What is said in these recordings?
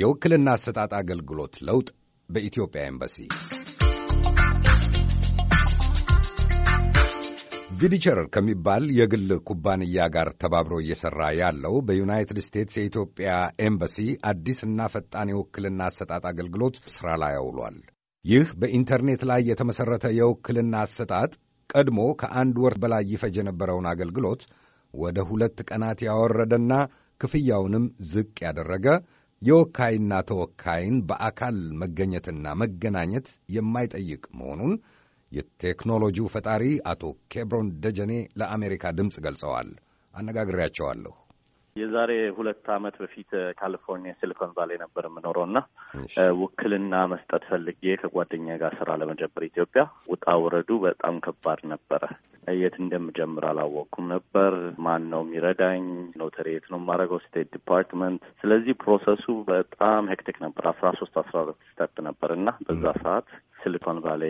የውክልና አሰጣጥ አገልግሎት ለውጥ በኢትዮጵያ ኤምባሲ ቪዲቸር ከሚባል የግል ኩባንያ ጋር ተባብሮ እየሠራ ያለው በዩናይትድ ስቴትስ የኢትዮጵያ ኤምባሲ አዲስና ፈጣን የውክልና አሰጣጥ አገልግሎት ሥራ ላይ አውሏል። ይህ በኢንተርኔት ላይ የተመሠረተ የውክልና አሰጣጥ ቀድሞ ከአንድ ወር በላይ ይፈጅ የነበረውን አገልግሎት ወደ ሁለት ቀናት ያወረደና ክፍያውንም ዝቅ ያደረገ የወካይና ተወካይን በአካል መገኘትና መገናኘት የማይጠይቅ መሆኑን የቴክኖሎጂው ፈጣሪ አቶ ኬብሮን ደጀኔ ለአሜሪካ ድምፅ ገልጸዋል። አነጋግሬያቸዋለሁ። የዛሬ ሁለት ዓመት በፊት ካሊፎርኒያ ሲሊኮን ቫሌ ነበር የምኖረው እና ውክልና መስጠት ፈልጌ ከጓደኛ ጋር ስራ ለመጀመር ኢትዮጵያ ውጣ ውረዱ በጣም ከባድ ነበረ። የት እንደምጀምር አላወቅኩም ነበር። ማን ነው የሚረዳኝ? የት ነው የማደርገው ስቴት ዲፓርትመንት። ስለዚህ ፕሮሰሱ በጣም ሄክቲክ ነበር። አስራ ሶስት አስራ ሁለት ስተፕ ነበር እና በዛ ሰዓት ሲሊኮን ቫሌ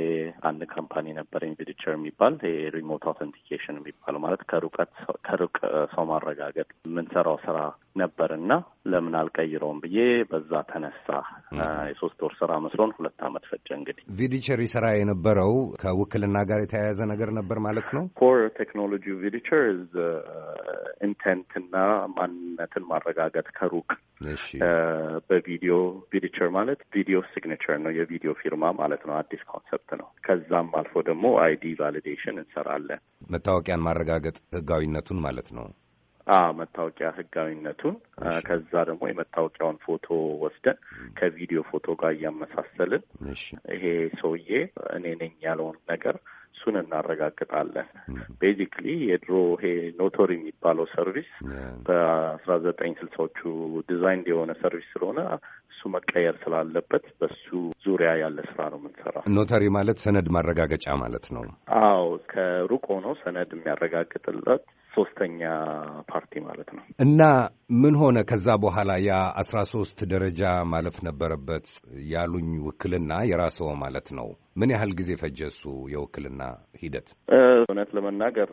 አንድ ካምፓኒ ነበር ቪዲቸር የሚባል ሪሞት አውተንቲኬሽን የሚባለው ማለት ከሩቀት ከሩቅ ሰው ማረጋገጥ የምንሰራው ስራ ነበር እና ለምን አልቀይረውም ብዬ በዛ ተነሳ። የሶስት ወር ስራ መስሎን ሁለት አመት ፈጀ። እንግዲህ ቪዲቸር ይሰራ የነበረው ከውክልና ጋር የተያያዘ ነገር ነበር ማለት ነው። ኮር ቴክኖሎጂ ቪዲቸር ኢንቴንት እና ማንነትን ማረጋገጥ ከሩቅ በቪዲዮ ቪዲቸር ማለት ቪዲዮ ሲግኔቸር ነው የቪዲዮ ፊርማ ማለት ነው። አዲስ ኮንሰፕት ነው። ከዛም አልፎ ደግሞ አይዲ ቫሊዴሽን እንሰራለን። መታወቂያን ማረጋገጥ ህጋዊነቱን ማለት ነው። አዎ መታወቂያ ህጋዊነቱን ከዛ ደግሞ የመታወቂያውን ፎቶ ወስደን ከቪዲዮ ፎቶ ጋር እያመሳሰልን ይሄ ሰውዬ እኔ ነኝ ያለውን ነገር እሱን እናረጋግጣለን። ቤዚክሊ የድሮ ይሄ ኖቶሪ የሚባለው ሰርቪስ በአስራ ዘጠኝ ስልሳዎቹ ዲዛይን የሆነ ሰርቪስ ስለሆነ እሱ መቀየር ስላለበት በሱ ዙሪያ ያለ ስራ ነው የምንሰራ። ኖተሪ ማለት ሰነድ ማረጋገጫ ማለት ነው። አዎ፣ ከሩቅ ሆኖ ሰነድ የሚያረጋግጥለት ሶስተኛ ፓርቲ ማለት ነው። እና ምን ሆነ ከዛ በኋላ ያ አስራ ሶስት ደረጃ ማለፍ ነበረበት ያሉኝ ውክልና የራስዎ ማለት ነው ምን ያህል ጊዜ ፈጀ እሱ የውክልና ሂደት? እውነት ለመናገር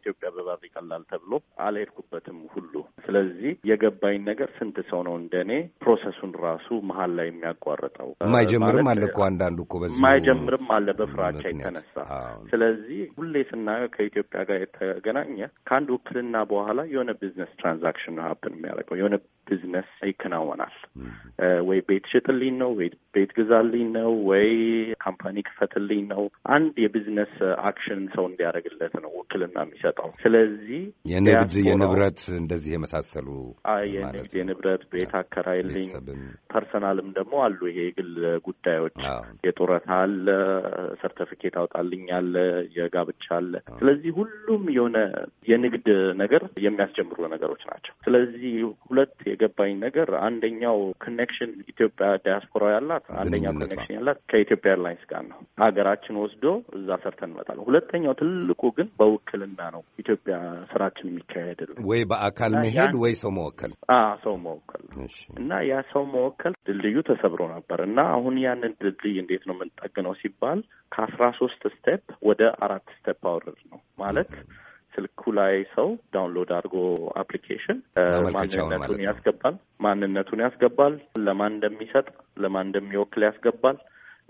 ኢትዮጵያ በባብ ይቀላል ተብሎ አልሄድኩበትም ሁሉ። ስለዚህ የገባኝ ነገር ስንት ሰው ነው እንደኔ ፕሮሰሱን ራሱ መሀል ላይ የሚያቋርጠው? ማይጀምርም አለ እኮ አንዳንዱ እኮ በዚህ ማይጀምርም አለ በፍራቻ የተነሳ። ስለዚህ ሁሌ ስናየው ከኢትዮጵያ ጋር የተገናኘ ከአንድ ውክልና በኋላ የሆነ ቢዝነስ ትራንዛክሽን ነው ሀብን የሚያደርገው የሆነ ቢዝነስ ይከናወናል። ወይ ቤት ሽጥልኝ ነው ወይ ቤት ግዛልኝ ነው ወይ ካምፓኒ እንዲክፈትልኝ ነው። አንድ የቢዝነስ አክሽን ሰው እንዲያደርግለት ነው ውክልና የሚሰጠው። ስለዚህ የንግድ የንብረት እንደዚህ የመሳሰሉ የንግድ የንብረት ቤት አከራይልኝ፣ ፐርሰናልም ደግሞ አሉ። ይሄ የግል ጉዳዮች የጡረታ አለ፣ ሰርተፊኬት አውጣልኝ አለ፣ የጋብቻ አለ። ስለዚህ ሁሉም የሆነ የንግድ ነገር የሚያስጀምሩ ነገሮች ናቸው። ስለዚህ ሁለት የገባኝ ነገር አንደኛው ኮኔክሽን ኢትዮጵያ ዲያስፖራ ያላት አንደኛው ኮኔክሽን ያላት ከኢትዮጵያ ኤርላይንስ ጋር ነው ሀገራችን ወስዶ እዛ ሰርተን እንመጣለን። ሁለተኛው ትልቁ ግን በውክልና ነው ኢትዮጵያ ስራችን የሚካሄድ ወይ በአካል መሄድ ወይ ሰው መወከል ሰው መወከል እና ያ ሰው መወከል ድልድዩ ተሰብሮ ነበር እና አሁን ያንን ድልድይ እንዴት ነው የምንጠግነው ሲባል ከአስራ ሶስት ስቴፕ ወደ አራት ስቴፕ አወረድ ነው ማለት ስልኩ ላይ ሰው ዳውንሎድ አድርጎ አፕሊኬሽን ማንነቱን ያስገባል። ማንነቱን ያስገባል። ለማን እንደሚሰጥ ለማን እንደሚወክል ያስገባል።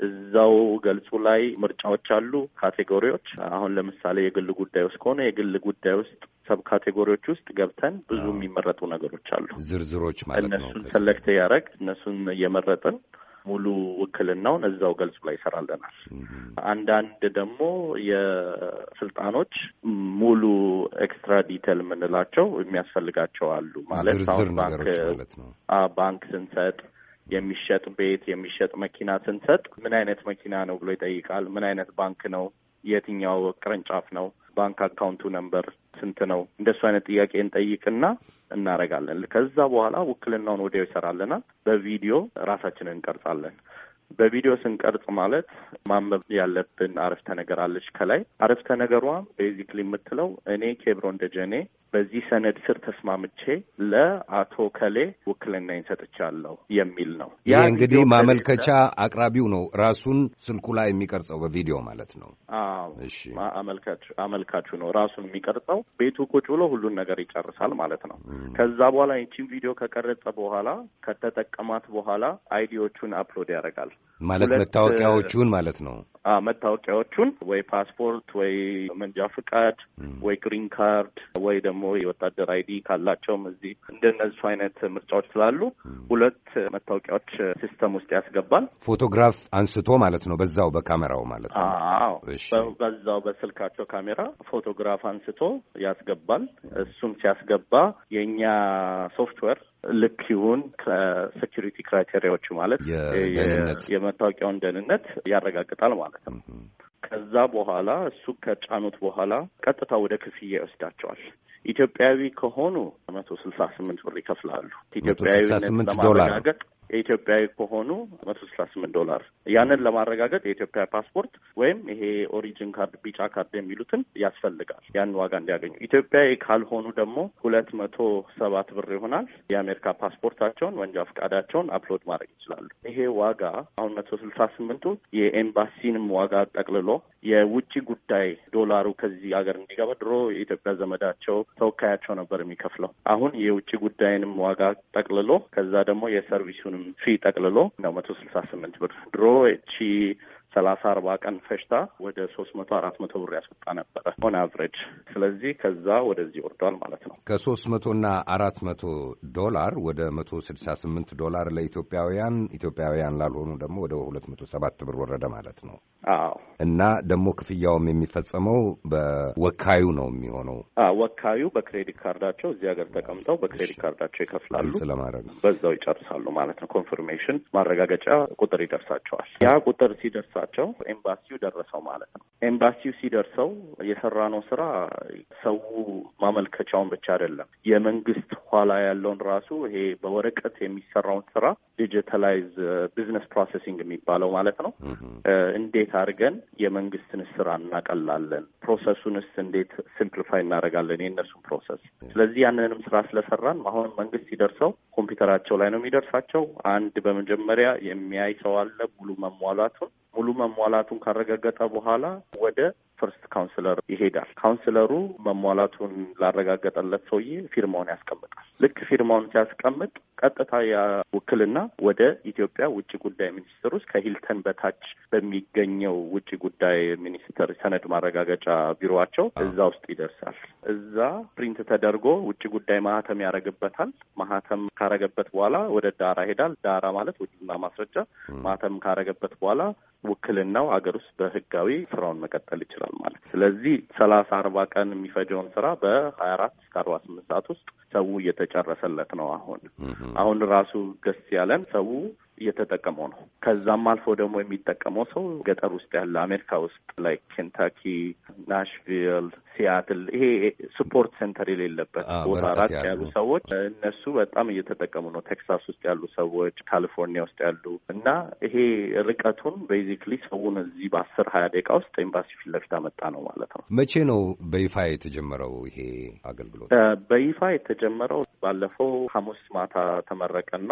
እዛው ገልጹ ላይ ምርጫዎች አሉ፣ ካቴጎሪዎች። አሁን ለምሳሌ የግል ጉዳይ ውስጥ ከሆነ የግል ጉዳይ ውስጥ ሰብ ካቴጎሪዎች ውስጥ ገብተን ብዙ የሚመረጡ ነገሮች አሉ፣ ዝርዝሮች ማለት ነው። እነሱን ሰለክት ያደረግ እነሱን እየመረጥን ሙሉ ውክልናውን እዛው ገልጹ ላይ ይሰራልናል። አንዳንድ ደግሞ የስልጣኖች ሙሉ ኤክስትራ ዲቴል የምንላቸው የሚያስፈልጋቸው አሉ ማለት አሁን ባንክ ባንክ ስንሰጥ የሚሸጥ ቤት የሚሸጥ መኪና ስንሰጥ ምን አይነት መኪና ነው ብሎ ይጠይቃል። ምን አይነት ባንክ ነው፣ የትኛው ቅርንጫፍ ነው፣ ባንክ አካውንቱ ነምበር ስንት ነው? እንደሱ አይነት ጥያቄ እንጠይቅና እናረጋለን። ከዛ በኋላ ውክልናውን ወዲያው ይሰራልናል። በቪዲዮ ራሳችንን እንቀርጻለን። በቪዲዮ ስንቀርጽ ማለት ማንበብ ያለብን አረፍተ ነገር አለች። ከላይ አረፍተ ነገሯ ቤዚክሊ የምትለው እኔ ኬብሮን ደጀኔ በዚህ ሰነድ ስር ተስማምቼ ለአቶ ከሌ ውክልናዬን ሰጥቻለሁ የሚል ነው። ይህ እንግዲህ ማመልከቻ አቅራቢው ነው ራሱን ስልኩ ላይ የሚቀርጸው በቪዲዮ ማለት ነው። አመልካቹ ነው ራሱን የሚቀርጸው። ቤቱ ቁጭ ብሎ ሁሉን ነገር ይጨርሳል ማለት ነው። ከዛ በኋላ ይቺን ቪዲዮ ከቀረጸ በኋላ ከተጠቀማት በኋላ አይዲዎቹን አፕሎድ ያደርጋል ማለት መታወቂያዎቹን ማለት ነው። መታወቂያዎቹን ወይ ፓስፖርት ወይ መንጃ ፍቃድ ወይ ግሪን ካርድ ወይ ደግሞ ደግሞ የወታደር አይዲ ካላቸውም እዚህ እንደነሱ አይነት ምርጫዎች ስላሉ ሁለት መታወቂያዎች ሲስተም ውስጥ ያስገባል። ፎቶግራፍ አንስቶ ማለት ነው፣ በዛው በካሜራው ማለት ነው። በዛው በስልካቸው ካሜራ ፎቶግራፍ አንስቶ ያስገባል። እሱም ሲያስገባ የእኛ ሶፍትዌር ልክ ይሁን ከሴኪሪቲ ክራይቴሪያዎች ማለት የመታወቂያውን ደህንነት ያረጋግጣል ማለት ነው። ከዛ በኋላ እሱ ከጫኑት በኋላ ቀጥታ ወደ ክፍያ ይወስዳቸዋል። ኢትዮጵያዊ ከሆኑ መቶ ስልሳ ስምንት ብር ይከፍላሉ። ኢትዮጵያዊነት ለማረጋገጥ የኢትዮጵያዊ ከሆኑ መቶ ስልሳ ስምንት ዶላር። ያንን ለማረጋገጥ የኢትዮጵያ ፓስፖርት ወይም ይሄ ኦሪጂን ካርድ፣ ቢጫ ካርድ የሚሉትን ያስፈልጋል። ያን ዋጋ እንዲያገኙ። ኢትዮጵያዊ ካልሆኑ ደግሞ ሁለት መቶ ሰባት ብር ይሆናል። የአሜሪካ ፓስፖርታቸውን፣ ወንጃ ፈቃዳቸውን አፕሎድ ማድረግ ይችላሉ። ይሄ ዋጋ አሁን መቶ ስልሳ ስምንቱ የኤምባሲንም ዋጋ ጠቅልሎ የውጭ ጉዳይ ዶላሩ ከዚህ ሀገር እንዲገባ ድሮ የኢትዮጵያ ዘመዳቸው ተወካያቸው ነበር የሚከፍለው። አሁን የውጭ ጉዳይንም ዋጋ ጠቅልሎ ከዛ ደግሞ የሰርቪሱን ፊ ጠቅልሎ ነው መቶ ስልሳ ስምንት ብር ድሮ እቺ ሰላሳ አርባ ቀን ፈሽታ ወደ ሶስት መቶ አራት መቶ ብር ያስወጣ ነበረ ሆን አቨሬጅ። ስለዚህ ከዛ ወደዚህ ወርዷል ማለት ነው። ከሶስት መቶ እና አራት መቶ ዶላር ወደ መቶ ስድሳ ስምንት ዶላር ለኢትዮጵያውያን ኢትዮጵያውያን ላልሆኑ ደግሞ ወደ ሁለት መቶ ሰባት ብር ወረደ ማለት ነው። አዎ እና ደግሞ ክፍያውም የሚፈጸመው በወካዩ ነው የሚሆነው። ወካዩ በክሬዲት ካርዳቸው እዚህ ሀገር ተቀምጠው በክሬዲት ካርዳቸው ይከፍላሉ። ስለማድረግ በዛው ይጨርሳሉ ማለት ነው። ኮንፍርሜሽን ማረጋገጫ ቁጥር ይደርሳቸዋል። ያ ቁጥር ሲደርሳ ደርሷቸው ኤምባሲው ደረሰው ማለት ነው። ኤምባሲው ሲደርሰው የሰራነው ስራ ሰው ማመልከቻውን ብቻ አይደለም የመንግስት ኋላ ያለውን ራሱ ይሄ በወረቀት የሚሰራውን ስራ ዲጂታላይዝ ቢዝነስ ፕሮሰሲንግ የሚባለው ማለት ነው። እንዴት አድርገን የመንግስትን ስራ እናቀላለን፣ ፕሮሰሱንስ እንዴት ሲምፕሊፋይ እናደርጋለን የእነሱን ፕሮሰስ። ስለዚህ ያንንም ስራ ስለሰራን አሁን መንግስት ሲደርሰው ኮምፒውተራቸው ላይ ነው የሚደርሳቸው። አንድ በመጀመሪያ የሚያይ ሰው አለ ሙሉ መሟላቱን ሙሉ መሟላቱን ካረጋገጠ በኋላ ወደ ፈርስት ካውንስለር ይሄዳል። ካውንስለሩ መሟላቱን ላረጋገጠለት ሰውዬ ፊርማውን ያስቀምጣል። ልክ ፊርማውን ሲያስቀምጥ ቀጥታ ያ ውክልና ወደ ኢትዮጵያ ውጭ ጉዳይ ሚኒስቴር ውስጥ ከሂልተን በታች በሚገኘው ውጭ ጉዳይ ሚኒስቴር ሰነድ ማረጋገጫ ቢሮቸው እዛ ውስጥ ይደርሳል። እዛ ፕሪንት ተደርጎ ውጭ ጉዳይ ማህተም ያደረግበታል። ማህተም ካረገበት በኋላ ወደ ዳራ ይሄዳል። ዳራ ማለት ውጭና ማስረጃ። ማህተም ካረገበት በኋላ ውክልናው ሀገር ውስጥ በህጋዊ ስራውን መቀጠል ይችላል። ይሆናል ማለት። ስለዚህ ሰላሳ አርባ ቀን የሚፈጀውን ስራ በሀያ አራት እስከ አርባ ስምንት ሰዓት ውስጥ ሰው እየተጨረሰለት ነው። አሁን አሁን ራሱ ገስ ያለን ሰው እየተጠቀመው ነው። ከዛም አልፎ ደግሞ የሚጠቀመው ሰው ገጠር ውስጥ ያለ አሜሪካ ውስጥ ላይ ኬንታኪ፣ ናሽቪል፣ ሲያትል ይሄ ስፖርት ሴንተር የሌለበት ቦታ ራቅ ያሉ ሰዎች እነሱ በጣም እየተጠቀሙ ነው። ቴክሳስ ውስጥ ያሉ ሰዎች፣ ካሊፎርኒያ ውስጥ ያሉ እና ይሄ ርቀቱን ቤዚክሊ ሰውን እዚህ በአስር ሀያ ደቂቃ ውስጥ ኤምባሲ ፊት ለፊት አመጣ ነው ማለት ነው። መቼ ነው በይፋ የተጀመረው ይሄ አገልግሎት? በይፋ የተጀመረው ባለፈው ሐሙስ ማታ ተመረቀና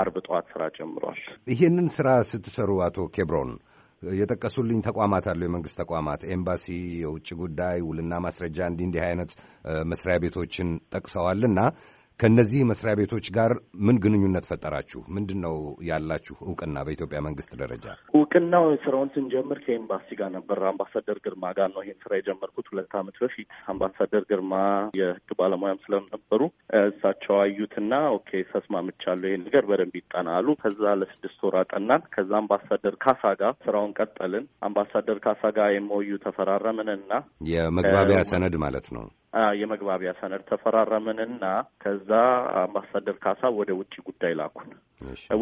አርብ ጠዋት ስራ ጀምሮ ተጀምሯል። ይህንን ስራ ስትሰሩ አቶ ኬብሮን የጠቀሱልኝ ተቋማት አሉ። የመንግስት ተቋማት ኤምባሲ፣ የውጭ ጉዳይ፣ ውልና ማስረጃ እንዲህ እንዲህ አይነት መስሪያ ቤቶችን ጠቅሰዋልና ከእነዚህ መስሪያ ቤቶች ጋር ምን ግንኙነት ፈጠራችሁ? ምንድን ነው ያላችሁ እውቅና በኢትዮጵያ መንግስት ደረጃ? እውቅናው ስራውን ስንጀምር ከኤምባሲ ጋር ነበር። አምባሳደር ግርማ ጋር ነው ይሄን ስራ የጀመርኩት ሁለት ዓመት በፊት። አምባሳደር ግርማ የህግ ባለሙያም ስለነበሩ እሳቸው አዩትና ኦኬ ተስማምቻለሁ፣ ይሄን ነገር በደንብ ይጠና አሉ። ከዛ ለስድስት ወር አጠናን። ከዛ አምባሳደር ካሳ ጋር ስራውን ቀጠልን። አምባሳደር ካሳ ጋር ኤምኦዩ ተፈራረምንና የመግባቢያ ሰነድ ማለት ነው የመግባቢያ ሰነድ ተፈራረምንና ከዛ አምባሳደር ካሳ ወደ ውጭ ጉዳይ ላኩን።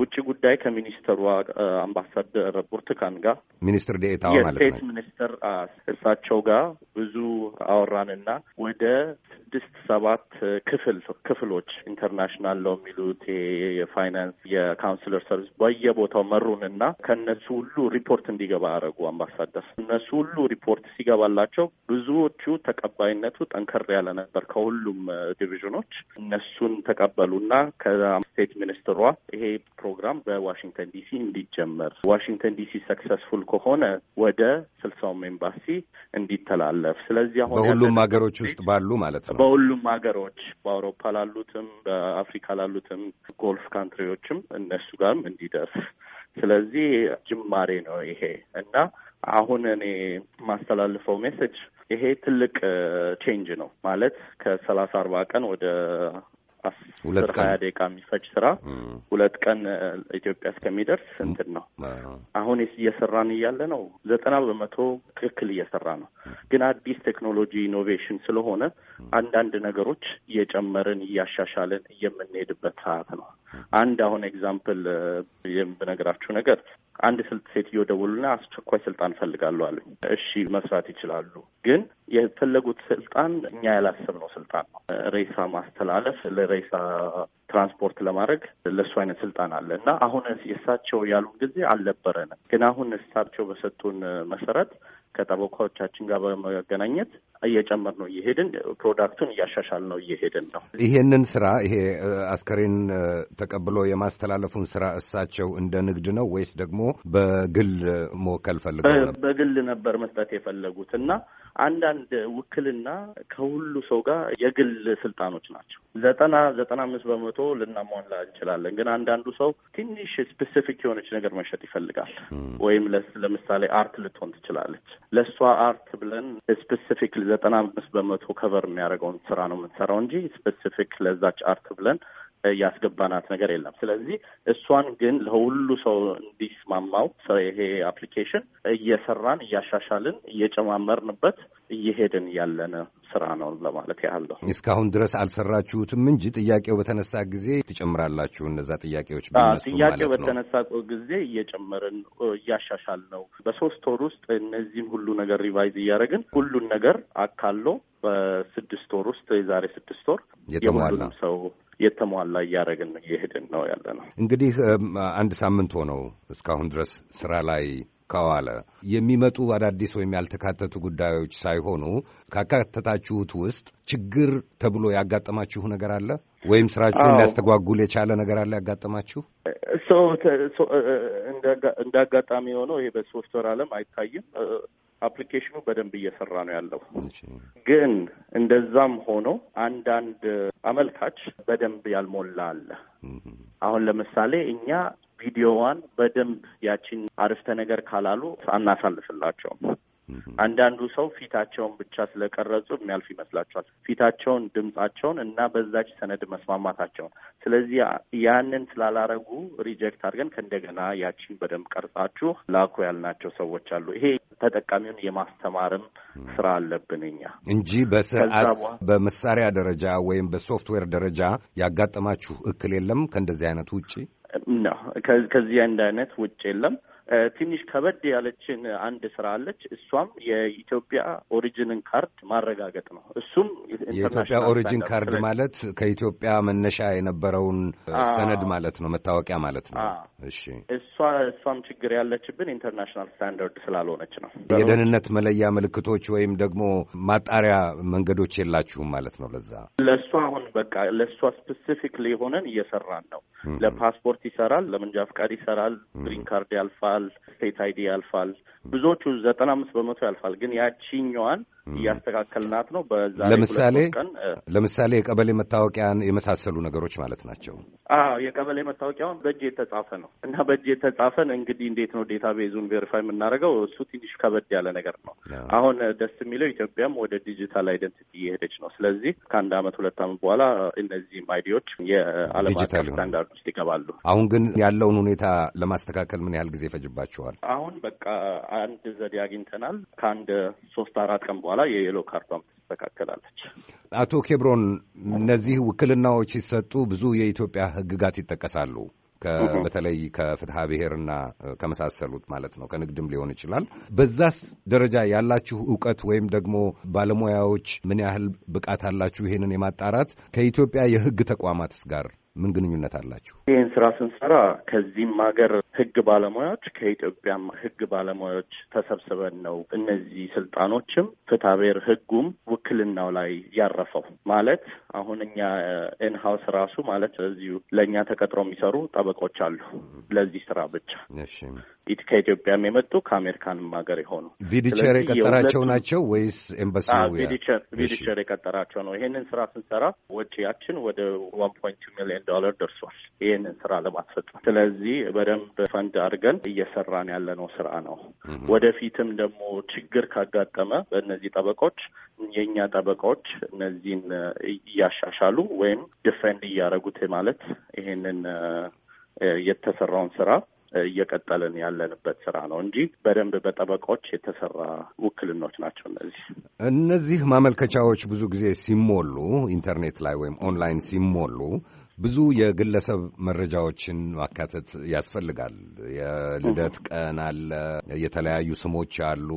ውጭ ጉዳይ ከሚኒስትሩ አምባሳደር ቡርትካን ጋር ሚኒስትር ዴኤታዋ ማለት ነው የስቴት ሚኒስትር እሳቸው ጋር ብዙ አወራንና ወደ ስድስት ሰባት ክፍል ክፍሎች ኢንተርናሽናል ነው የሚሉት የፋይናንስ የካውንስለር ሰርቪስ በየቦታው መሩንና ከእነሱ ሁሉ ሪፖርት እንዲገባ አደረጉ አምባሳደር። እነሱ ሁሉ ሪፖርት ሲገባላቸው ብዙዎቹ ተቀባይነቱ ጠንከ ጠንከር ያለ ነበር ከሁሉም ዲቪዥኖች። እነሱን ተቀበሉና ከስቴት ሚኒስትሯ ይሄ ፕሮግራም በዋሽንግተን ዲሲ እንዲጀመር ዋሽንግተን ዲሲ ሰክሰስፉል ከሆነ ወደ ስልሳውም ኤምባሲ እንዲተላለፍ ስለዚህ አሁን በሁሉም ሀገሮች ውስጥ ባሉ ማለት ነው በሁሉም ሀገሮች በአውሮፓ ላሉትም በአፍሪካ ላሉትም ጎልፍ ካንትሪዎችም እነሱ ጋርም እንዲደርስ ስለዚህ ጅማሬ ነው ይሄ እና አሁን እኔ የማስተላልፈው ሜሴጅ ይሄ ትልቅ ቼንጅ ነው ማለት ከሰላሳ አርባ ቀን ወደ ሁለት ሀያ ደቂቃ የሚፈጅ ስራ ሁለት ቀን ኢትዮጵያ እስከሚደርስ ስንትን ነው። አሁን እየሰራን እያለ ነው ዘጠና በመቶ ትክክል እየሰራ ነው። ግን አዲስ ቴክኖሎጂ ኢኖቬሽን ስለሆነ አንዳንድ ነገሮች እየጨመርን እያሻሻልን የምንሄድበት ሰዓት ነው። አንድ አሁን ኤግዛምፕል የምነግራችሁ ነገር አንድ ስልት ሴትዮ ደውሉና አስቸኳይ ስልጣን ፈልጋሉ አሉኝ። እሺ መስራት ይችላሉ፣ ግን የፈለጉት ስልጣን እኛ ያላሰብነው ስልጣን ነው። ሬሳ ማስተላለፍ፣ ለሬሳ ትራንስፖርት ለማድረግ ለእሱ አይነት ስልጣን አለ እና አሁን የእሳቸው ያሉን ጊዜ አልነበረንም፣ ግን አሁን እሳቸው በሰጡን መሰረት ከጠበቃዎቻችን ጋር በመገናኘት እየጨመር ነው እየሄድን ፕሮዳክቱን እያሻሻል ነው እየሄድን ነው። ይሄንን ስራ ይሄ አስከሬን ተቀብሎ የማስተላለፉን ስራ እሳቸው እንደ ንግድ ነው ወይስ ደግሞ በግል መወከል ፈልገው ነበር? በግል ነበር መስጠት የፈለጉት እና አንዳንድ ውክልና ከሁሉ ሰው ጋር የግል ስልጣኖች ናቸው። ዘጠና ዘጠና አምስት በመቶ ልናሟላ እንችላለን፣ ግን አንዳንዱ ሰው ትንሽ ስፔሲፊክ የሆነች ነገር መሸጥ ይፈልጋል። ወይም ለምሳሌ አርት ልትሆን ትችላለች። ለእሷ አርት ብለን ስፔሲፊክ ዘጠና አምስት በመቶ ከቨር የሚያደርገውን ስራ ነው የምንሰራው እንጂ ስፔሲፊክ ለዛች አርት ብለን ያስገባናት ነገር የለም። ስለዚህ እሷን ግን ለሁሉ ሰው እንዲስማማው ይሄ አፕሊኬሽን እየሰራን እያሻሻልን እየጨማመርንበት እየሄድን ያለን ስራ ነው ለማለት ያህል ነው። እስካሁን ድረስ አልሰራችሁትም እንጂ ጥያቄው በተነሳ ጊዜ ትጨምራላችሁ። እነዛ ጥያቄዎች ጥያቄው በተነሳ ጊዜ እየጨመርን እያሻሻል ነው። በሶስት ወር ውስጥ እነዚህን ሁሉ ነገር ሪቫይዝ እያደረግን ሁሉን ነገር አካሎ በስድስት ወር ውስጥ የዛሬ ስድስት ወር የተሟላ ሰው የተሟላ እያደረግን እየሄድን ነው ያለ ነው። እንግዲህ አንድ ሳምንት ሆነው እስካሁን ድረስ ስራ ላይ ከዋለ የሚመጡ አዳዲስ ወይም ያልተካተቱ ጉዳዮች ሳይሆኑ ካካተታችሁት ውስጥ ችግር ተብሎ ያጋጠማችሁ ነገር አለ ወይም ስራችሁን ሊያስተጓጉል የቻለ ነገር አለ ያጋጠማችሁ? እንደ አጋጣሚ የሆነው ይሄ በሶፍትዌር አለም አይታይም አፕሊኬሽኑ በደንብ እየሰራ ነው ያለው። ግን እንደዛም ሆኖ አንዳንድ አመልካች በደንብ ያልሞላ አለ። አሁን ለምሳሌ እኛ ቪዲዮዋን በደንብ ያቺን አርፍተ ነገር ካላሉ አናሳልፍላቸውም። አንዳንዱ ሰው ፊታቸውን ብቻ ስለቀረጹ የሚያልፍ ይመስላቸዋል። ፊታቸውን፣ ድምጻቸውን እና በዛች ሰነድ መስማማታቸውን። ስለዚህ ያንን ስላላረጉ ሪጀክት አድርገን ከእንደገና ያቺን በደንብ ቀርጻችሁ ላኩ ያልናቸው ሰዎች አሉ። ይሄ ተጠቃሚውን የማስተማርም ስራ አለብን እኛ እንጂ በስርዓት በመሳሪያ ደረጃ ወይም በሶፍትዌር ደረጃ ያጋጠማችሁ እክል የለም ከእንደዚህ አይነት ውጭ ነው። ከዚህ አንድ አይነት ውጭ የለም። ትንሽ ከበድ ያለችን አንድ ስራ አለች። እሷም የኢትዮጵያ ኦሪጅንን ካርድ ማረጋገጥ ነው። እሱም የኢትዮጵያ ኦሪጅን ካርድ ማለት ከኢትዮጵያ መነሻ የነበረውን ሰነድ ማለት ነው፣ መታወቂያ ማለት ነው። እሺ፣ እሷ እሷም ችግር ያለችብን ኢንተርናሽናል ስታንዳርድ ስላልሆነች ነው። የደህንነት መለያ ምልክቶች ወይም ደግሞ ማጣሪያ መንገዶች የላችሁም ማለት ነው። ለዛ ለእሷ አሁን በቃ ለእሷ ስፔሲፊክ ሊሆነን እየሰራን ነው። ለፓስፖርት ይሰራል፣ ለመንጃ ፍቃድ ይሰራል፣ ግሪን ካርድ ያልፋል ያልፋል፣ ስቴት አይዲ ያልፋል፣ ብዙዎቹ ዘጠና አምስት በመቶ ያልፋል። ግን ያቺኛዋን እያስተካከልናት ነው። በዛ ለምሳሌ ለምሳሌ የቀበሌ መታወቂያን የመሳሰሉ ነገሮች ማለት ናቸው። አዎ የቀበሌ መታወቂያውን በእጅ የተጻፈ ነው እና በእጅ የተጻፈን እንግዲህ እንዴት ነው ዴታ ቤዙን ቬሪፋይ የምናደርገው? እሱ ትንሽ ከበድ ያለ ነገር ነው። አሁን ደስ የሚለው ኢትዮጵያም ወደ ዲጂታል አይደንቲቲ እየሄደች ነው። ስለዚህ ከአንድ አመት ሁለት አመት በኋላ እነዚህም አይዲዎች የዓለም አቀፍ ስታንዳርድ ውስጥ ይገባሉ። አሁን ግን ያለውን ሁኔታ ለማስተካከል ምን ያህል ጊዜ ፈጅባቸዋል? አሁን በቃ አንድ ዘዴ አግኝተናል። ከአንድ ሶስት አራት ቀን በኋላ በኋላ የየሎ ካርዷም ትስተካከላለች። አቶ ኬብሮን፣ እነዚህ ውክልናዎች ሲሰጡ ብዙ የኢትዮጵያ ህግጋት ይጠቀሳሉ። በተለይ ከፍትሐ ብሔርና ከመሳሰሉት ማለት ነው። ከንግድም ሊሆን ይችላል። በዛስ ደረጃ ያላችሁ እውቀት ወይም ደግሞ ባለሙያዎች ምን ያህል ብቃት አላችሁ? ይሄንን የማጣራት ከኢትዮጵያ የህግ ተቋማትስ ጋር ምን ግንኙነት አላችሁ? ይህን ስራ ስንሰራ ከዚህም ሀገር ህግ ባለሙያዎች ከኢትዮጵያም ህግ ባለሙያዎች ተሰብስበን ነው እነዚህ ስልጣኖችም ፍትሐብሔር ህጉም ውክልናው ላይ ያረፈው ማለት አሁን እኛ ኢንሃውስ ራሱ ማለት እዚሁ ለእኛ ተቀጥሮ የሚሰሩ ጠበቆች አሉ ለዚህ ስራ ብቻ ከኢትዮጵያም የመጡ ከአሜሪካንም ሀገር የሆኑ ቪዲቸር የቀጠራቸው ናቸው ወይስ ኤምባሲ ቪዲቸር የቀጠራቸው ነው። ይሄንን ስራ ስንሰራ ወጪያችን ወደ ዋን ፖይንት ሚሊዮን ዶላር ደርሷል፣ ይሄንን ስራ ለማስፈጸም። ስለዚህ በደንብ ፈንድ አድርገን እየሰራን ያለነው ስራ ነው። ወደፊትም ደግሞ ችግር ካጋጠመ በእነዚህ ጠበቆች የእኛ ጠበቆች እነዚህን እያሻሻሉ ወይም ዲፌንድ እያደረጉት ማለት ይሄንን የተሰራውን ስራ እየቀጠልን ያለንበት ስራ ነው እንጂ በደንብ በጠበቃዎች የተሰራ ውክልኖች ናቸው። እነዚህ እነዚህ ማመልከቻዎች ብዙ ጊዜ ሲሞሉ ኢንተርኔት ላይ ወይም ኦንላይን ሲሞሉ ብዙ የግለሰብ መረጃዎችን ማካተት ያስፈልጋል። የልደት ቀን አለ፣ የተለያዩ ስሞች አሉ፣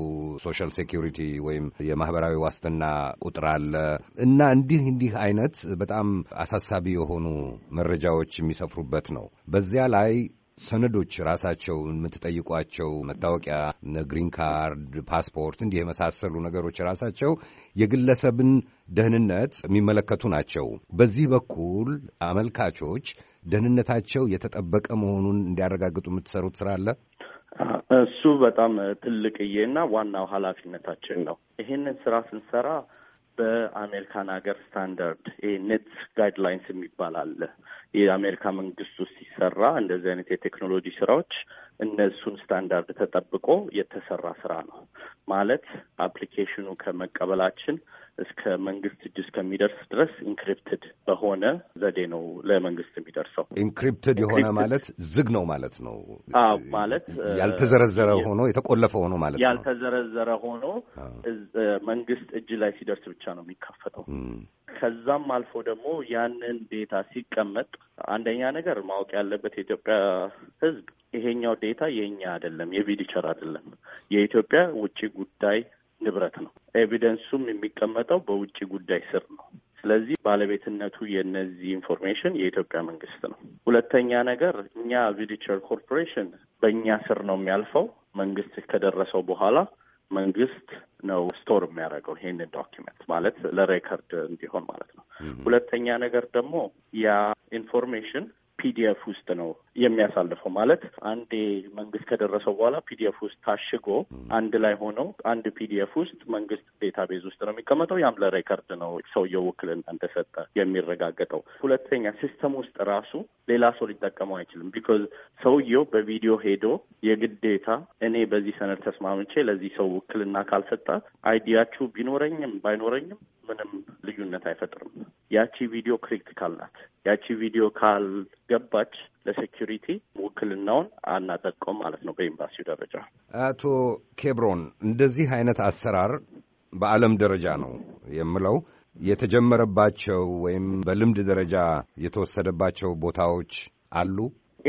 ሶሻል ሴኪሪቲ ወይም የማህበራዊ ዋስትና ቁጥር አለ እና እንዲህ እንዲህ አይነት በጣም አሳሳቢ የሆኑ መረጃዎች የሚሰፍሩበት ነው። በዚያ ላይ ሰነዶች ራሳቸው የምትጠይቋቸው መታወቂያ፣ ግሪን ካርድ፣ ፓስፖርት እንዲህ የመሳሰሉ ነገሮች ራሳቸው የግለሰብን ደህንነት የሚመለከቱ ናቸው። በዚህ በኩል አመልካቾች ደህንነታቸው የተጠበቀ መሆኑን እንዲያረጋግጡ የምትሰሩት ስራ አለ። እሱ በጣም ትልቅዬና ዋናው ኃላፊነታችን ነው። ይህንን ስራ ስንሰራ በአሜሪካን ሀገር ስታንዳርድ ይሄ ኔት ጋይድላይንስ የሚባል አለ። የአሜሪካ መንግስት ውስጥ ሲሰራ እንደዚህ አይነት የቴክኖሎጂ ስራዎች እነሱን ስታንዳርድ ተጠብቆ የተሰራ ስራ ነው ማለት አፕሊኬሽኑ ከመቀበላችን እስከ መንግስት እጅ እስከሚደርስ ድረስ ኢንክሪፕትድ በሆነ ዘዴ ነው ለመንግስት የሚደርሰው። ኢንክሪፕትድ የሆነ ማለት ዝግ ነው ማለት ነው። አዎ ማለት ያልተዘረዘረ ሆኖ የተቆለፈ ሆኖ ማለት ነው። ያልተዘረዘረ ሆኖ መንግስት እጅ ላይ ሲደርስ ብቻ ነው የሚከፈተው። ከዛም አልፎ ደግሞ ያንን ዴታ ሲቀመጥ አንደኛ ነገር ማወቅ ያለበት የኢትዮጵያ ሕዝብ ይሄኛው ዴታ የኛ አይደለም፣ የቪዲቸር አይደለም፣ የኢትዮጵያ ውጭ ጉዳይ ንብረት ነው። ኤቪደንሱም የሚቀመጠው በውጭ ጉዳይ ስር ነው። ስለዚህ ባለቤትነቱ የነዚህ ኢንፎርሜሽን የኢትዮጵያ መንግስት ነው። ሁለተኛ ነገር እኛ ቪዲቸር ኮርፖሬሽን በእኛ ስር ነው የሚያልፈው። መንግስት ከደረሰው በኋላ መንግስት ነው ስቶር የሚያደርገው ይሄንን ዶኪመንት ማለት ለሬከርድ እንዲሆን ማለት ነው። ሁለተኛ ነገር ደግሞ ያ ኢንፎርሜሽን ፒዲኤፍ ውስጥ ነው የሚያሳልፈው ማለት አንዴ መንግስት ከደረሰው በኋላ ፒዲኤፍ ውስጥ ታሽጎ አንድ ላይ ሆነው አንድ ፒዲኤፍ ውስጥ መንግስት ዴታቤዝ ውስጥ ነው የሚቀመጠው። ያም ለሬከርድ ነው ሰውየው ውክልና እንደሰጠ የሚረጋገጠው። ሁለተኛ ሲስተም ውስጥ ራሱ ሌላ ሰው ሊጠቀመው አይችልም። ቢኮዝ ሰውየው በቪዲዮ ሄዶ የግዴታ እኔ በዚህ ሰነድ ተስማምቼ ለዚህ ሰው ውክልና ካልሰጣት አይዲያችሁ ቢኖረኝም ባይኖረኝም ምንም ልዩነት አይፈጥርም። ያቺ ቪዲዮ ክሪቲካል ናት። ያቺ ቪዲዮ ካልገባች ለሴኪሪቲ ውክልናውን አናጠቀውም ማለት ነው በኤምባሲው ደረጃ። አቶ ኬብሮን እንደዚህ አይነት አሰራር በዓለም ደረጃ ነው የምለው የተጀመረባቸው ወይም በልምድ ደረጃ የተወሰደባቸው ቦታዎች አሉ።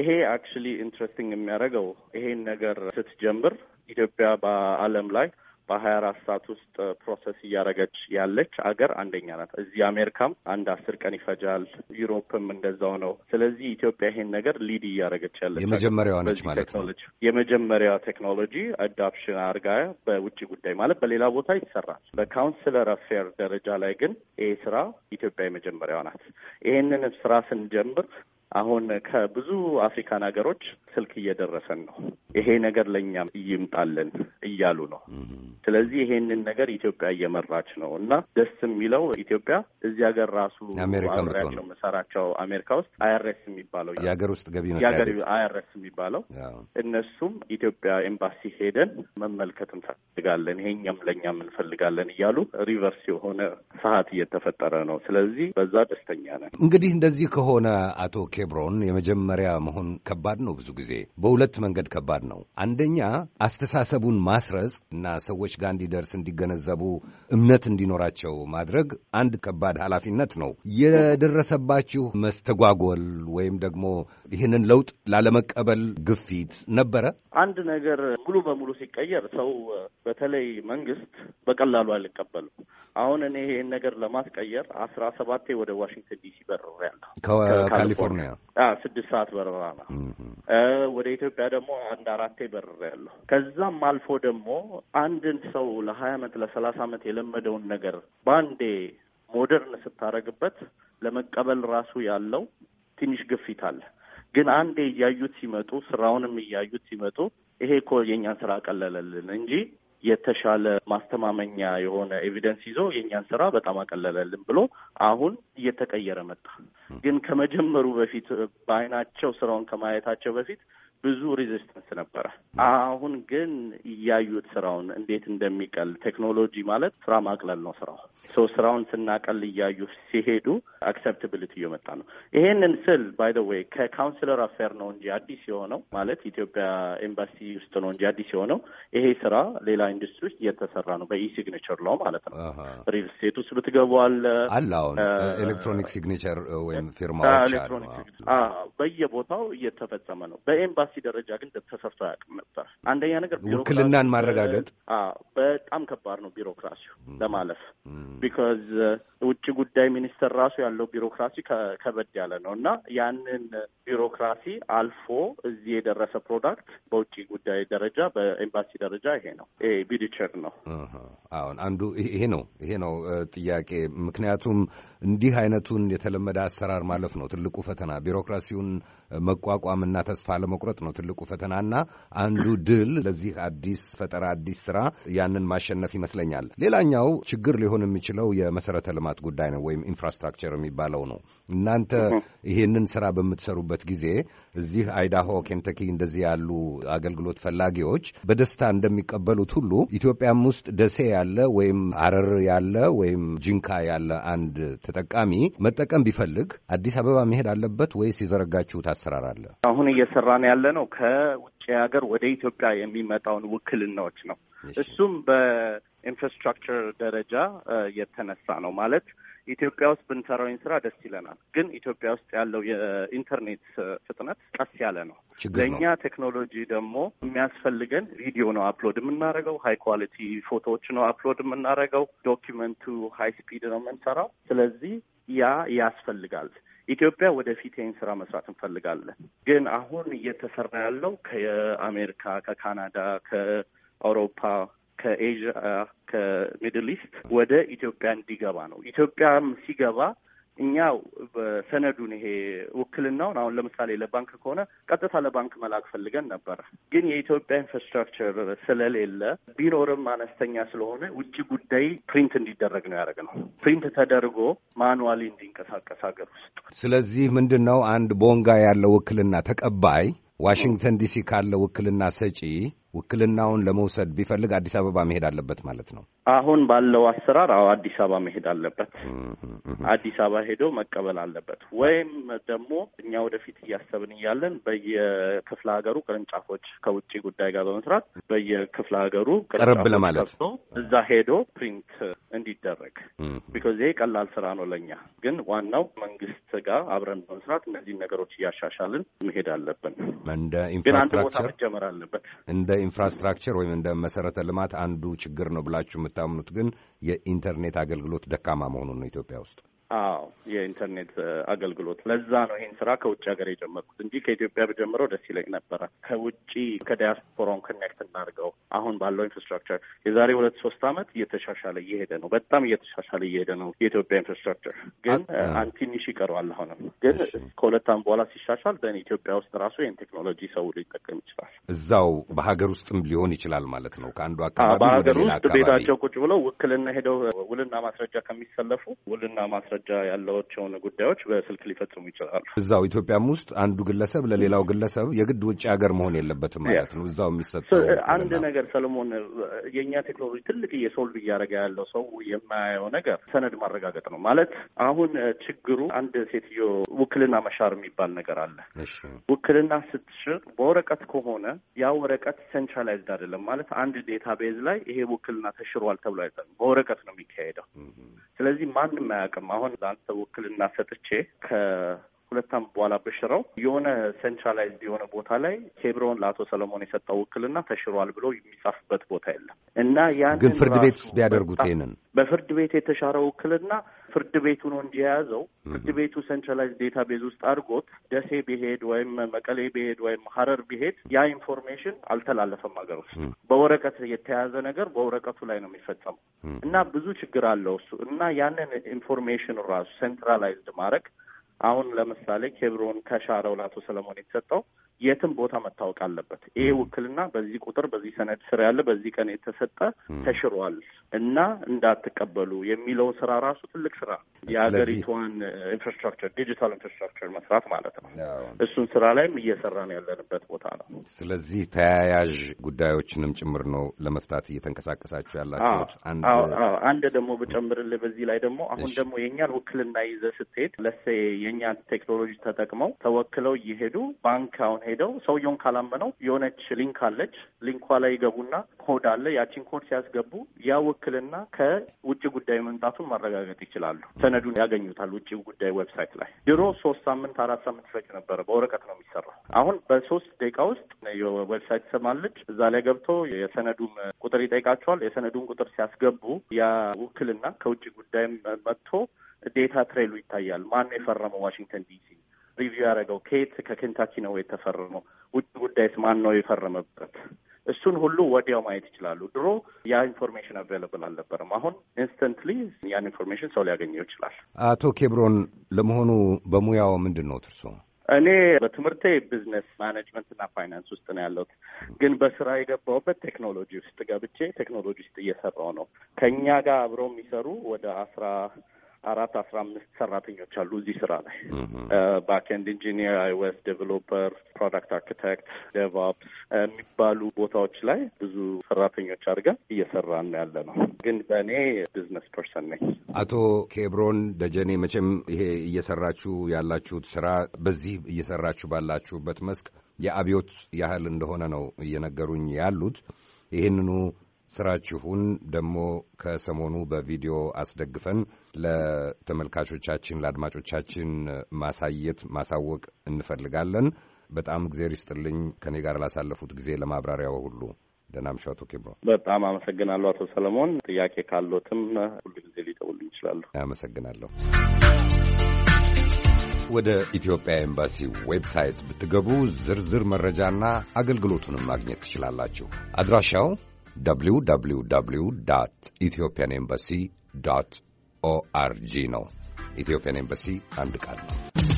ይሄ አክቹዋሊ ኢንትረስቲንግ የሚያደርገው ይሄን ነገር ስትጀምር ኢትዮጵያ በዓለም ላይ በሀያ አራት ሰዓት ውስጥ ፕሮሰስ እያደረገች ያለች አገር አንደኛ ናት። እዚህ አሜሪካም አንድ አስር ቀን ይፈጃል፣ ዩሮፕም እንደዛው ነው። ስለዚህ ኢትዮጵያ ይሄን ነገር ሊድ እያደረገች ያለች የመጀመሪያዋ ነች ማለት ነው። የመጀመሪያ ቴክኖሎጂ አዳፕሽን አድርጋ በውጭ ጉዳይ ማለት በሌላ ቦታ ይሰራል። በካውንስለር አፌር ደረጃ ላይ ግን ይሄ ስራ ኢትዮጵያ የመጀመሪያዋ ናት። ይሄንን ስራ ስንጀምር አሁን ከብዙ አፍሪካን ሀገሮች ስልክ እየደረሰን ነው። ይሄ ነገር ለእኛም ይምጣልን እያሉ ነው። ስለዚህ ይሄንን ነገር ኢትዮጵያ እየመራች ነው እና ደስ የሚለው ኢትዮጵያ እዚህ ሀገር ራሱ አብሬያቸው መሰራቸው አሜሪካ ውስጥ አይአርኤስ የሚባለው የሀገር ውስጥ ገቢ የሀገር አይአርኤስ የሚባለው እነሱም ኢትዮጵያ ኤምባሲ ሄደን መመልከት እንፈልጋለን፣ ይሄኛም ለእኛም እንፈልጋለን እያሉ ሪቨርስ የሆነ ስርዓት እየተፈጠረ ነው። ስለዚህ በዛ ደስተኛ ነን። እንግዲህ እንደዚህ ከሆነ አቶ ኬብሮን የመጀመሪያ መሆን ከባድ ነው። ብዙ ጊዜ በሁለት መንገድ ከባድ ነው። አንደኛ አስተሳሰቡን ማስረጽ እና ሰዎች ጋር እንዲደርስ እንዲገነዘቡ፣ እምነት እንዲኖራቸው ማድረግ አንድ ከባድ ኃላፊነት ነው። የደረሰባችሁ መስተጓጎል ወይም ደግሞ ይህንን ለውጥ ላለመቀበል ግፊት ነበረ? አንድ ነገር ሙሉ በሙሉ ሲቀየር ሰው በተለይ መንግስት በቀላሉ አልቀበልም አሁን እኔ ይህን ነገር ለማስቀየር አስራ ሰባቴ ወደ ዋሽንግተን ዲሲ በረሬ ያለሁ ከካሊፎርኒያ ስድስት ሰዓት በረራ ነው። ወደ ኢትዮጵያ ደግሞ አንድ አራቴ በረራ ያለሁ። ከዛም አልፎ ደግሞ አንድን ሰው ለሀያ አመት ለሰላሳ አመት የለመደውን ነገር በአንዴ ሞደርን ስታደርግበት ለመቀበል ራሱ ያለው ትንሽ ግፊት አለ። ግን አንዴ እያዩት ሲመጡ ስራውንም እያዩት ሲመጡ ይሄ እኮ የእኛን ስራ ቀለለልን እንጂ የተሻለ ማስተማመኛ የሆነ ኤቪደንስ ይዞ የእኛን ስራ በጣም አቀለለልን ብሎ አሁን እየተቀየረ መጣ። ግን ከመጀመሩ በፊት በአይናቸው ስራውን ከማየታቸው በፊት ብዙ ሬዚስተንስ ነበረ። አሁን ግን እያዩት ስራውን እንዴት እንደሚቀል ቴክኖሎጂ ማለት ስራ ማቅለል ነው ስራው ሰው ስራውን ስናቀል እያዩ ሲሄዱ አክሰፕታብሊቲ እየመጣ ነው። ይሄንን ስል ባይ ዘ ከካውንስለር አፌር ነው እንጂ አዲስ የሆነው ማለት ኢትዮጵያ ኤምባሲ ውስጥ ነው እንጂ አዲስ የሆነው ይሄ ስራ ሌላ ኢንዱስትሪ ውስጥ እየተሰራ ነው። በኢሲግኔቸር ላው ማለት ነው። ሪል ስቴት ውስጥ ብትገቡ አለ አለ አሁን ኤሌክትሮኒክ ሲግኔቸር ወይም ፊርማ በየቦታው እየተፈጸመ ነው። በኤምባሲ ደረጃ ግን ተሰርቶ አያውቅም ነበር። አንደኛ ነገር ውክልናን ማረጋገጥ በጣም ከባድ ነው ቢሮክራሲው ለማለፍ ቢካዝ uh, ውጭ ጉዳይ ሚኒስቴር ራሱ ያለው ቢሮክራሲ ከበድ ያለ ነው እና ያንን ቢሮክራሲ አልፎ እዚህ የደረሰ ፕሮዳክት በውጭ ጉዳይ ደረጃ በኤምባሲ ደረጃ ይሄ ነው ቢድቸር ነው። አሁን አንዱ ይሄ ነው ይሄ ነው ጥያቄ። ምክንያቱም እንዲህ አይነቱን የተለመደ አሰራር ማለፍ ነው ትልቁ ፈተና። ቢሮክራሲውን መቋቋምና ተስፋ ለመቁረጥ ነው ትልቁ ፈተናና አንዱ ድል ለዚህ አዲስ ፈጠራ፣ አዲስ ስራ ያንን ማሸነፍ ይመስለኛል። ሌላኛው ችግር ሊሆን የሚችለው የመሰረተ ልማት ጉዳይ ነው ወይም ኢንፍራስትራክቸር የሚባለው ነው። እናንተ ይሄንን ስራ በምትሰሩበት ጊዜ እዚህ አይዳሆ፣ ኬንተኪ እንደዚህ ያሉ አገልግሎት ፈላጊዎች በደስታ እንደሚቀበሉት ሁሉ ኢትዮጵያም ውስጥ ደሴ ያለ ወይም አረር ያለ ወይም ጂንካ ያለ አንድ ተጠቃሚ መጠቀም ቢፈልግ አዲስ አበባ መሄድ አለበት ወይስ የዘረጋችሁት አሰራር አለ? አሁን እየሰራን ያለ ነው ከ ከውጭ ሀገር ወደ ኢትዮጵያ የሚመጣውን ውክልናዎች ነው። እሱም በኢንፍራስትራክቸር ደረጃ የተነሳ ነው ማለት ኢትዮጵያ ውስጥ ብንሰራውን ስራ ደስ ይለናል፣ ግን ኢትዮጵያ ውስጥ ያለው የኢንተርኔት ፍጥነት ቀስ ያለ ነው። ለእኛ ቴክኖሎጂ ደግሞ የሚያስፈልገን ቪዲዮ ነው አፕሎድ የምናደርገው፣ ሀይ ኳሊቲ ፎቶዎች ነው አፕሎድ የምናደርገው፣ ዶኪመንቱ ሀይ ስፒድ ነው የምንሰራው። ስለዚህ ያ ያስፈልጋል። ኢትዮጵያ ወደፊት ይህን ስራ መስራት እንፈልጋለን። ግን አሁን እየተሰራ ያለው ከአሜሪካ፣ ከካናዳ፣ ከአውሮፓ፣ ከኤዥያ፣ ከሚድል ኢስት ወደ ኢትዮጵያ እንዲገባ ነው። ኢትዮጵያም ሲገባ እኛው በሰነዱን ይሄ ውክልናውን አሁን ለምሳሌ ለባንክ ከሆነ ቀጥታ ለባንክ መላክ ፈልገን ነበረ። ግን የኢትዮጵያ ኢንፍራስትራክቸር ስለሌለ ቢኖርም አነስተኛ ስለሆነ ውጭ ጉዳይ ፕሪንት እንዲደረግ ነው ነው። ፕሪንት ተደርጎ ማኑዋሊ እንዲንቀሳቀስ ሀገር ውስጥ። ስለዚህ ምንድን ነው አንድ ቦንጋ ያለው ውክልና ተቀባይ ዋሽንግተን ዲሲ ካለ ውክልና ሰጪ ውክልናውን ለመውሰድ ቢፈልግ አዲስ አበባ መሄድ አለበት ማለት ነው። አሁን ባለው አሰራር አዎ፣ አዲስ አበባ መሄድ አለበት። አዲስ አበባ ሄዶ መቀበል አለበት። ወይም ደግሞ እኛ ወደፊት እያሰብን እያለን በየክፍለ ሀገሩ ቅርንጫፎች ከውጭ ጉዳይ ጋር በመስራት በየክፍለ ሀገሩ ቅርብ ለማለት እዛ ሄዶ ፕሪንት እንዲደረግ ቢኮዝ ይሄ ቀላል ስራ ነው ለእኛ። ግን ዋናው መንግስት ጋር አብረን በመስራት እነዚህን ነገሮች እያሻሻልን መሄድ አለብን። ግን አንድ ቦታ መጀመር አለበት። ኢንፍራስትራክቸር ወይም እንደ መሰረተ ልማት አንዱ ችግር ነው ብላችሁ የምታምኑት ግን የኢንተርኔት አገልግሎት ደካማ መሆኑን ነው ኢትዮጵያ ውስጥ? አዎ የኢንተርኔት አገልግሎት ለዛ ነው ይሄን ስራ ከውጭ ሀገር የጀመርኩት እንጂ ከኢትዮጵያ ብጀምረው ደስ ይለኝ ነበረ። ከውጭ ከዲያስፖራውን ኮኔክት እናድርገው። አሁን ባለው ኢንፍራስትራክቸር የዛሬ ሁለት ሶስት አመት እየተሻሻለ እየሄደ ነው። በጣም እየተሻሻለ እየሄደ ነው የኢትዮጵያ ኢንፍራስትራክቸር። ግን አንቲኒሽ ይቀረዋል። አሁንም ግን ከሁለት አመት በኋላ ሲሻሻል ደን ኢትዮጵያ ውስጥ ራሱ ይህን ቴክኖሎጂ ሰው ሊጠቀም ይችላል። እዛው በሀገር ውስጥም ሊሆን ይችላል ማለት ነው። ከአንዱ አካባቢ በሀገር ውስጥ ቤታቸው ቁጭ ብለው ውክልና ሄደው ውልና ማስረጃ ከሚሰለፉ ውልና ማስረጃ ደረጃ ያላቸውን ጉዳዮች በስልክ ሊፈጽሙ ይችላሉ። እዛው ኢትዮጵያም ውስጥ አንዱ ግለሰብ ለሌላው ግለሰብ የግድ ውጭ ሀገር መሆን የለበትም ማለት ነው። እዛው የሚሰጠው አንድ ነገር ሰለሞን፣ የእኛ ቴክኖሎጂ ትልቅ የሶልቭ እያደረገ ያለው ሰው የማያየው ነገር ሰነድ ማረጋገጥ ነው ማለት አሁን ችግሩ አንድ ሴትዮ ውክልና መሻር የሚባል ነገር አለ። ውክልና ስትሽር በወረቀት ከሆነ ያ ወረቀት ሴንትራላይዝድ አይደለም ማለት አንድ ዴታቤዝ ላይ ይሄ ውክልና ተሽሯል ተብሎ አይጠ በወረቀት ነው የሚካሄደው። ስለዚህ ማንም አያውቅም። አሁን ትናንት ውክልና ሰጥቼ ከ ሁለት ዓመት በኋላ ብሽረው የሆነ ሴንትራላይዝድ የሆነ ቦታ ላይ ኬብሮን ለአቶ ሰለሞን የሰጠው ውክልና ተሽሯል ብሎ የሚጻፍበት ቦታ የለም እና ያን ግን ፍርድ ቤት ቢያደርጉት ይህንን በፍርድ ቤት የተሻረ ውክልና ፍርድ ቤቱ ነው እንጂ የያዘው ፍርድ ቤቱ ሴንትራላይዝ ዴታቤዝ ውስጥ አድርጎት ደሴ ቢሄድ ወይም መቀሌ ቢሄድ ወይም ሀረር ቢሄድ ያ ኢንፎርሜሽን አልተላለፈም ሀገር ውስጥ በወረቀት የተያዘ ነገር በወረቀቱ ላይ ነው የሚፈጸመው እና ብዙ ችግር አለው እሱ እና ያንን ኢንፎርሜሽን ራሱ ሴንትራላይዝድ ማድረግ አሁን ለምሳሌ ኬብሮን ከሻረው ለአቶ ሰለሞን የተሰጠው የትም ቦታ መታወቅ አለበት። ይሄ ውክልና በዚህ ቁጥር፣ በዚህ ሰነድ ስር ያለ በዚህ ቀን የተሰጠ ተሽሯል እና እንዳትቀበሉ የሚለው ስራ ራሱ ትልቅ ስራ የሀገሪቷን ኢንፍራስትራክቸር ዲጂታል ኢንፍራስትራክቸር መስራት ማለት ነው። እሱን ስራ ላይም እየሰራን ያለንበት ቦታ ነው። ስለዚህ ተያያዥ ጉዳዮችንም ጭምር ነው ለመፍታት እየተንቀሳቀሳችሁ ያላችሁት። አንድ ደግሞ ብጨምርልህ በዚህ ላይ ደግሞ አሁን ደግሞ የእኛን ውክልና ይዘህ ስትሄድ ለሴ የእኛን ቴክኖሎጂ ተጠቅመው ተወክለው እየሄዱ ባንክ አሁን ሄደው ሰውየውን ካላመነው የሆነች ሊንክ አለች። ሊንኳ ላይ ይገቡና ኮድ አለ። ያቺን ኮድ ሲያስገቡ ያ ውክልና ከውጭ ጉዳይ መምጣቱን ማረጋገጥ ይችላሉ። ሰነዱን ያገኙታል ውጭ ጉዳይ ዌብሳይት ላይ። ድሮ ሶስት ሳምንት አራት ሳምንት ይፈጭ ነበረ። በወረቀት ነው የሚሰራው። አሁን በሶስት ደቂቃ ውስጥ የዌብሳይት ትሰማለች። እዛ ላይ ገብቶ የሰነዱን ቁጥር ይጠይቃቸዋል። የሰነዱን ቁጥር ሲያስገቡ ያ ውክልና ከውጭ ጉዳይ መጥቶ ዴታ ትሬሉ ይታያል። ማን የፈረመው ዋሽንግተን ዲሲ ሪቪው ያደረገው? ከየት ከኬንታኪ ነው የተፈረመው? ውጭ ጉዳይስ ማን ነው የፈረመበት? እሱን ሁሉ ወዲያው ማየት ይችላሉ። ድሮ ያ ኢንፎርሜሽን አቬለብል አልነበረም። አሁን ኢንስተንትሊ ያን ኢንፎርሜሽን ሰው ሊያገኘው ይችላል። አቶ ኬብሮን ለመሆኑ በሙያው ምንድን ነው እርሶ? እኔ በትምህርቴ ቢዝነስ ማኔጅመንትና ፋይናንስ ውስጥ ነው ያለሁት፣ ግን በስራ የገባሁበት ቴክኖሎጂ ውስጥ ገብቼ ቴክኖሎጂ ውስጥ እየሰራሁ ነው። ከእኛ ጋር አብረው የሚሰሩ ወደ አስራ አራት አስራ አምስት ሰራተኞች አሉ እዚህ ስራ ላይ ባክኤንድ ኢንጂኒየር፣ አይወስ ዴቨሎፐር፣ ፕሮዳክት አርኪቴክት፣ ዴቭኦፕስ የሚባሉ ቦታዎች ላይ ብዙ ሰራተኞች አድርገን ነው ያለ ነው። ግን በእኔ ቢዝነስ ፐርሰን ነኝ። አቶ ኬብሮን ደጀኔ፣ መቼም ይሄ እየሰራችሁ ያላችሁት ስራ በዚህ እየሰራችሁ ባላችሁበት መስክ የአብዮት ያህል እንደሆነ ነው እየነገሩኝ ያሉት። ይህንኑ ስራችሁን ደግሞ ከሰሞኑ በቪዲዮ አስደግፈን ለተመልካቾቻችን ለአድማጮቻችን ማሳየት ማሳወቅ እንፈልጋለን። በጣም እግዜር ይስጥልኝ ከኔ ጋር ላሳለፉት ጊዜ ለማብራሪያው ሁሉ ደናምሻ አቶ ኬብሮ በጣም አመሰግናለሁ። አቶ ሰለሞን ጥያቄ ካሎትም ሁሉ ጊዜ ሊጠውልኝ ይችላሉ። አመሰግናለሁ። ወደ ኢትዮጵያ ኤምባሲ ዌብሳይት ብትገቡ ዝርዝር መረጃና አገልግሎቱንም ማግኘት ትችላላችሁ። አድራሻው www.ethiopianembassy.org Ethiopian Embassy ኤምባሲ አንድ